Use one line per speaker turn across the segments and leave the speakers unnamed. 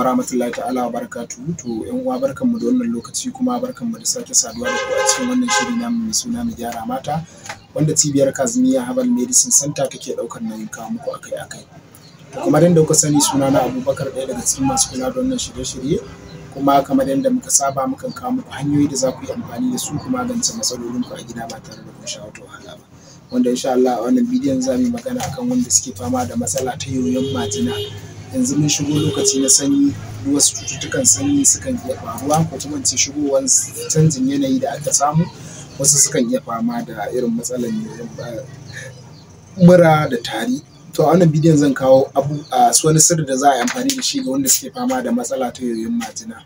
alaikum warahmatullahi ta'ala wa barakatuhu to yan uwa barkanmu da wannan lokaci kuma barkanmu da sake saduwa da ku a cikin wannan shiri na mai suna mu gyara mata wanda cibiyar Kazmiya Herbal Medicine Center take daukar nauyin kawo muku akai-akai kuma dan da kuka sani suna na Abubakar ɗaya daga cikin masu kula da wannan shirye-shirye kuma kamar yadda muka saba mukan kawo muku hanyoyi da za ku yi amfani da su ku magance matsalolin ku a gida ba tare da kun sha wata wahala ba wanda insha Allah a wannan bidiyon za mu yi magana akan wanda suke fama da matsala ta yoyon majina yanzu mun shigo lokaci na sanyi wasu cututtukan sanyi sukan iya faruwa ko kuma ce shigowar canjin yanayi da aka samu wasu sukan iya fama da irin matsalar eh, mura da tari to a wannan bidiyon zan kawo abu a wani sirri da za a yi amfani da shi ga wanda suke fama da matsala ta yoyon majina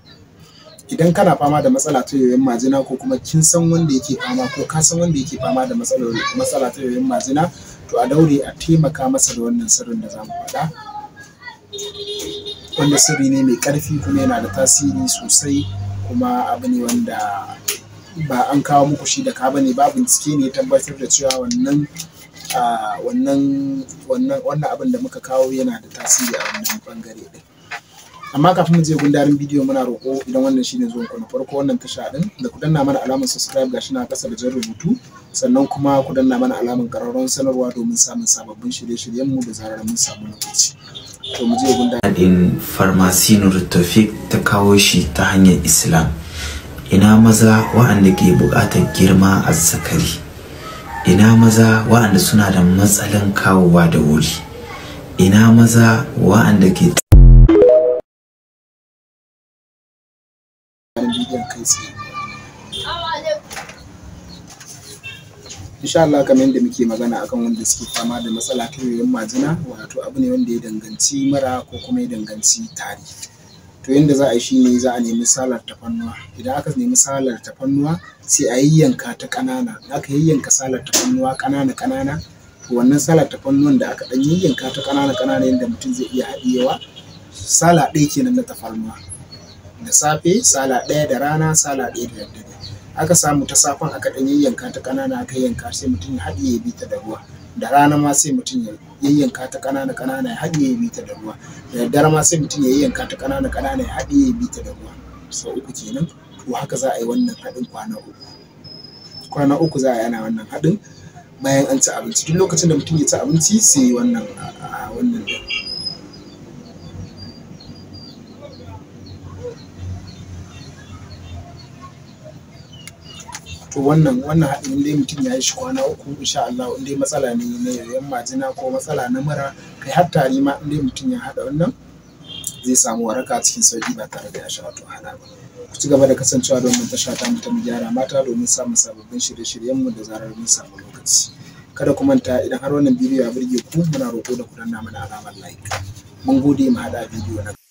idan kana fama da matsala ta yoyon majina ko kuma kin san wanda yake fama ko ka san wanda yake fama da matsala ta yoyon majina to a daure a taimaka masa da wannan sirrin da za mu faɗa wanda sirri ne mai ƙarfi kuma yana da tasiri sosai kuma abu ne wanda ba an kawo muku shi da ka bane ba bincike ne tabbatar da cewa wannan wannan wannan abin da muka kawo yana da tasiri a wannan bangare ɗin. amma kafin mu je gundarin bidiyo muna roƙo idan wannan shine zuwan ku na farko wannan tasha din da ku danna mana alamar subscribe gashi na kasa da jan rubutu sannan kuma ku danna mana alamar ƙararrawar sanarwa domin samun sababbin shirye-shiryen mu da zarar mun samu lokaci to mu je gundarin din farmasi tafik ta kawo shi ta hanyar Islam ina maza wa'anda ke buƙatar girma a zakari ina maza wa'anda suna da matsalan kawowa da wuri ina maza wa'anda ke tsarin bidiyon kai tsaye insha Allah kamar yadda muke magana akan wanda suke fama da matsala ta yoyon majina wato abu ne wanda ya danganci mara ko kuma ya danganci tari to yadda za a yi shine za a nemi salar tafannuwa idan aka nemi salar tafannuwa sai a yayyanka ta ƙanana in aka yayyanka salar tafannuwa ƙanana ƙanana to wannan salar fannuwan da aka ɗan yayyanka ta ƙanana ƙanana yadda mutum zai iya haɗiyewa sala ɗaya kenan na tafarnuwa da safe sala ɗaya da rana sala ɗaya da daddare aka samu ta safen aka ɗan yayyanka ta ƙanana aka yayyanka sai mutum ya haɗiye ya bi ta da ruwa da rana ma sai mutum ya yayyanka ta ƙanana ƙanana ya haɗiye ya bi ta da ruwa da daddare ma sai mutum ya yayyanka ta ƙanana ƙanana ya haɗiye ya bi ta da ruwa sau uku kenan to haka za a yi wannan haɗin kwana uku kwana uku za a yi ana wannan haɗin bayan an ci abinci duk lokacin da mutum ya ci abinci sai wannan wannan to wannan wannan haɗin dai mutum ya yi shi kwana uku insha Allah in dai matsala ne na yoyon majina ko matsala na mura kai har ma in dai mutum ya haɗa wannan zai samu waraka cikin sauki ba tare da ya sha wato ba ku ci gaba da kasancewa don tasha ta mutum gyara mata domin samun sababbin shirye shiryen mu da zarar mun samu lokaci kada ku manta idan har wannan bidiyo ya burge ku muna roƙo da ku danna mana alamar like mun gode mu haɗa bidiyo na